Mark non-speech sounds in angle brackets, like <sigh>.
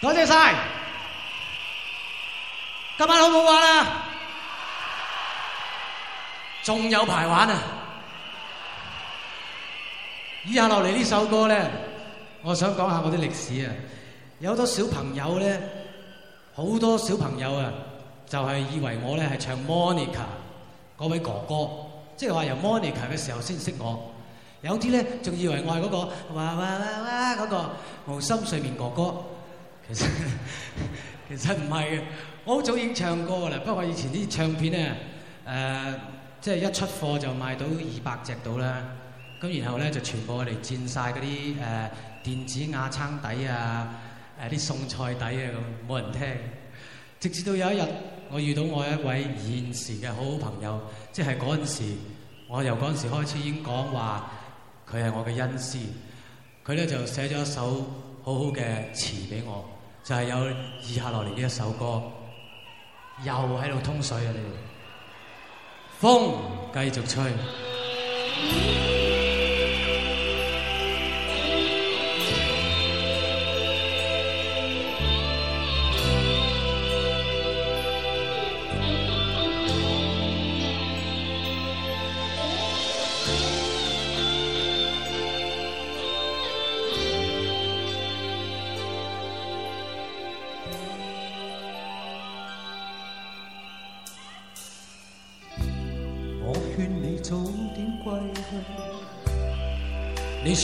多謝晒！今晚好唔好玩啊？仲有排玩啊！以下落嚟呢首歌咧，我想講下我啲歷史啊！有好多小朋友咧，好多小朋友啊，就係以為我咧係唱 Monica 嗰位哥哥，即係話由 Monica 嘅時候先識我。有啲咧仲以為我係嗰、嗰個哇哇哇哇、嗰、嗰個無心睡眠哥哥。其實其實唔係嘅，我好早已經唱過啦。不過以前啲唱片咧，誒即係一出貨就賣到二百隻到啦。咁然後咧就全部我哋佔晒嗰啲誒電子瓦撐底啊，啲、呃、餸菜底啊咁，冇人聽。直至到有一日，我遇到我一位現時嘅好好朋友，即係嗰陣時，我由嗰陣時開始已經講話佢係我嘅恩師。佢咧就寫咗一首好好嘅詞俾我。就係、是、有《以下落嚟》呢一首歌，又喺度通水啊！你哋，風繼續吹。 <noise>